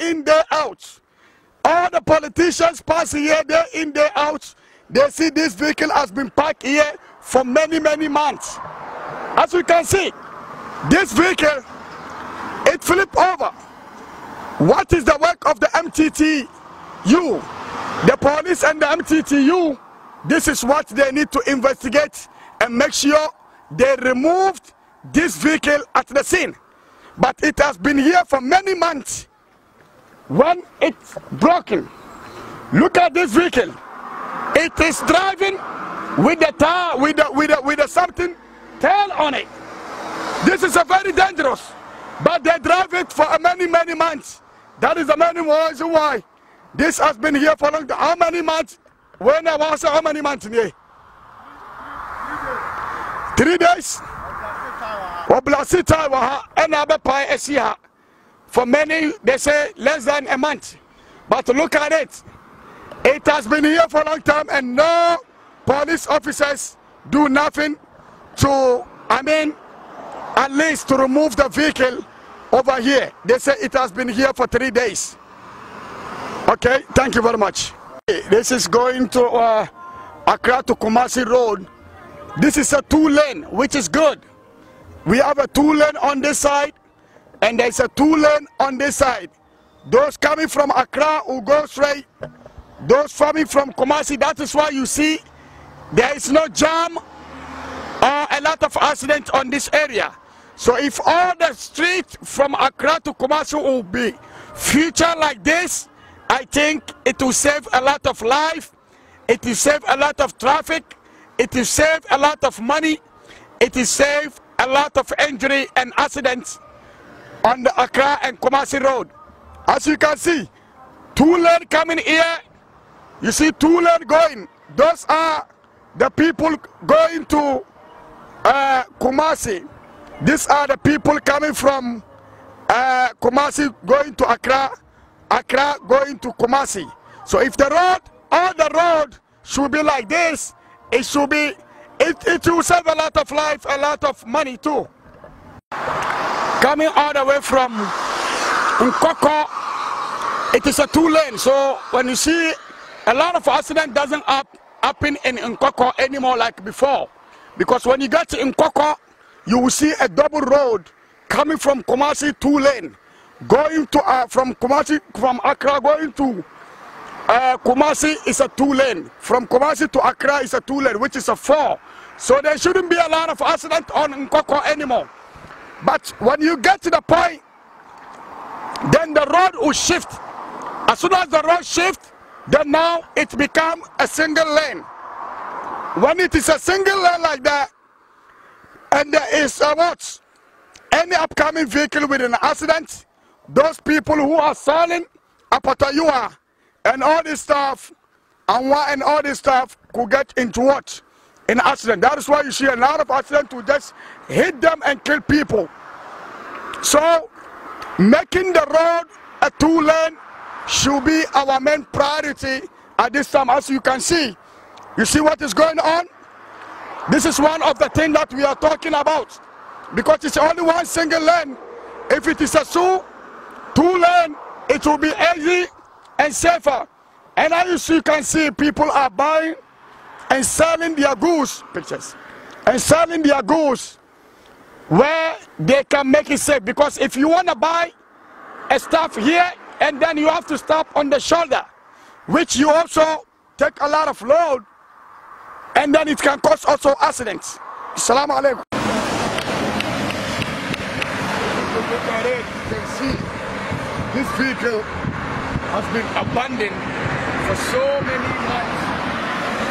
in, day out. All the politicians pass here, day in, day out. They see this vehicle has been parked here for many, many months. As you can see, this vehicle, it flipped over. What is the work of the MTTU? The police and the MTTU, this is what they need to investigate and make sure they removed this vehicle at the scene. But it has been here for many months when it's broken. Look at this vehicle. It is driving with the tire, with the, with the, with the something tail on it. This is a very dangerous, but they drive it for many, many months. That is the many reason why this has been here for long. How many months? When I was how many months in here? Three days. Oblasi Taiwaha, and Pai for many, they say less than a month. But look at it. It has been here for a long time and no police officers do nothing to, I mean, at least to remove the vehicle over here. They say it has been here for three days. Okay, thank you very much. This is going to uh, Accra to Kumasi Road. This is a two lane, which is good. We have a two lane on this side and there's a two lane on this side. Those coming from Accra will go straight. Those coming from Kumasi, that is why you see there is no jam or a lot of accidents on this area. So if all the street from Accra to Kumasi will be future like this, I think it will save a lot of life, it will save a lot of traffic, it will save a lot of money, it will save a lot of injury and accidents on the Accra and Kumasi Road. As you can see, two lane coming here. You see two lane going. Those are the people going to uh, Kumasi. These are the people coming from uh, Kumasi going to Accra, Accra going to Kumasi. So if the road, all the road should be like this, it should be, it, it will save a lot of life, a lot of money too coming all the way from Nkoko, it is a two lane. So when you see a lot of accident doesn't up, happen in Nkoko anymore like before. Because when you get to Nkoko, you will see a double road coming from Kumasi two lane, going to uh, from Kumasi from Accra going to uh, Kumasi is a two lane. From Kumasi to Accra is a two lane, which is a four. So there shouldn't be a lot of accident on Nkoko anymore. But when you get to the point, then the road will shift. As soon as the road shifts, then now it becomes a single lane. When it is a single lane like that, and there is a what? Any upcoming vehicle with an accident, those people who are selling Apatayua and all this stuff, and, what and all this stuff could get into what? in accident. That is why you see a lot of accidents to just hit them and kill people. So making the road a two lane should be our main priority at this time as you can see. You see what is going on? This is one of the things that we are talking about because it's only one single lane. If it is a two, two lane, it will be easy and safer. And as you can see, people are buying and selling their goods, pictures, and selling their goods where they can make it safe. Because if you want to buy a stuff here and then you have to stop on the shoulder, which you also take a lot of load and then it can cause also accidents. Assalamu alaikum. You can see this vehicle has been abandoned for so many months.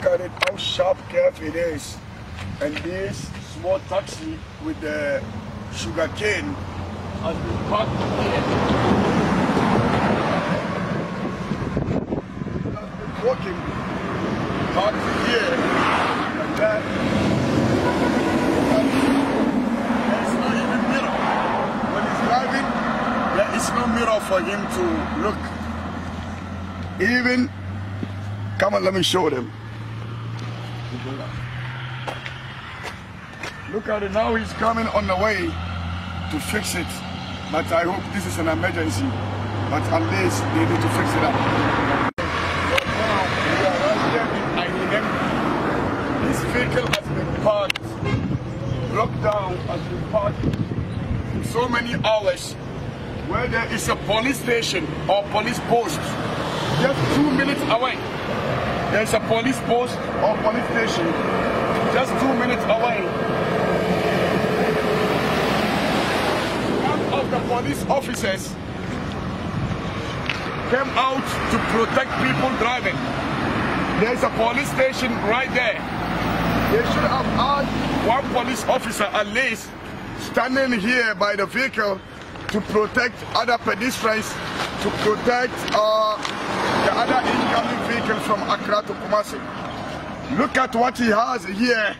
look at it, how sharp curve it is. And this small taxi with the sugar cane has been parked here. has been walking parked here and that. There's no even mirror. When he's driving, there is no mirror for him to look. Even, come on, let me show them. Look at it, now he's coming on the way to fix it. But I hope this is an emergency. But at least they need to fix it up. now we are right here This vehicle has been parked. down has been parked for so many hours. Where there is a police station or police post, just two minutes away. There's a police post or police station just two minutes away. One of the police officers came out to protect people driving. There's a police station right there. They should have had one police officer at least standing here by the vehicle to protect other pedestrians, to protect uh, the other incoming vehicle from Accra to Kumasi. Look at what he has here.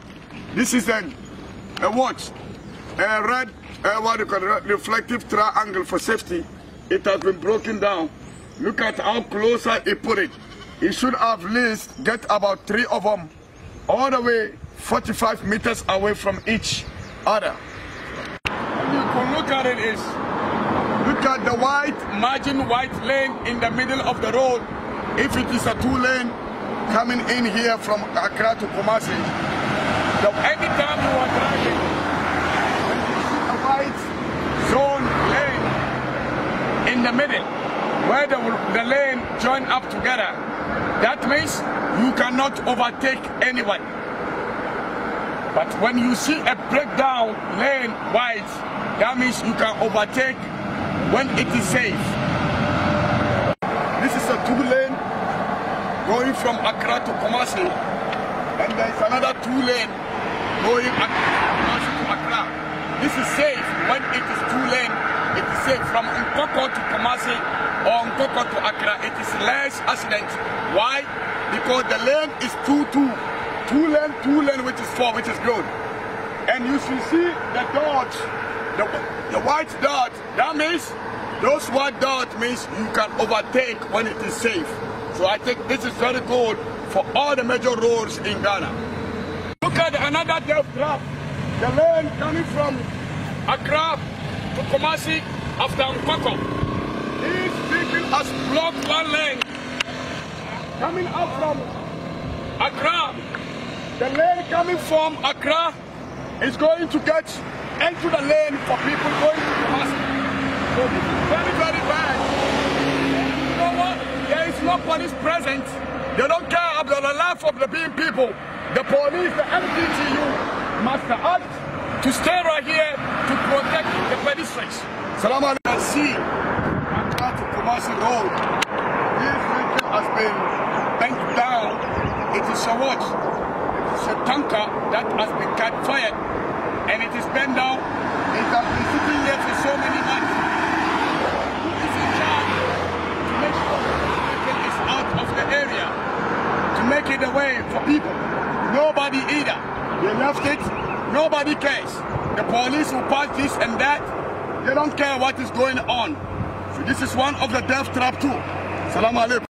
This is an, a watch, a red, a what do you call it, reflective triangle for safety. It has been broken down. Look at how closer he put it. He should have at least get about three of them all the way 45 meters away from each other. You can look at it is look at the white margin white lane in the middle of the road. If it is a two lane coming in here from Accra to Kumasi, every time you are driving, the white zone lane in the middle, where the, the lane join up together, that means you cannot overtake anyone. But when you see a breakdown lane white, that means you can overtake when it is safe. This is a two lane going from Accra to Kumasi, and there is another two lane going from Kumasi to Accra. This is safe when it is two lane. It is safe from Nkoko to Kumasi or Nkoko to Accra. It is less accident. Why? Because the lane is two two, two lane, two lane, which is four, which is good. And you should see the dots, the, the white dots. That means those what doubt means you can overtake when it is safe. So I think this is very good for all the major roads in Ghana. Look at another death trap. The lane coming from Accra to Kumasi after Nkoko. These people has blocked one lane. Coming up from Accra. The lane coming from Accra is going to get into the lane for people police present. They don't care about the life of the people. The police, the MPTU, must act to stay right here to protect the pedestrians. Salam alaikum. See, Accra to Kumasi Road. This vehicle has been bent down. It is a watch. It is a tanker that has been cut fired. And it is bent down. It has been sitting there for so many months. the way for people. Nobody either. They left it. Nobody cares. The police will pass this and that. They don't care what is going on. So this is one of the death trap too. Salam alaikum.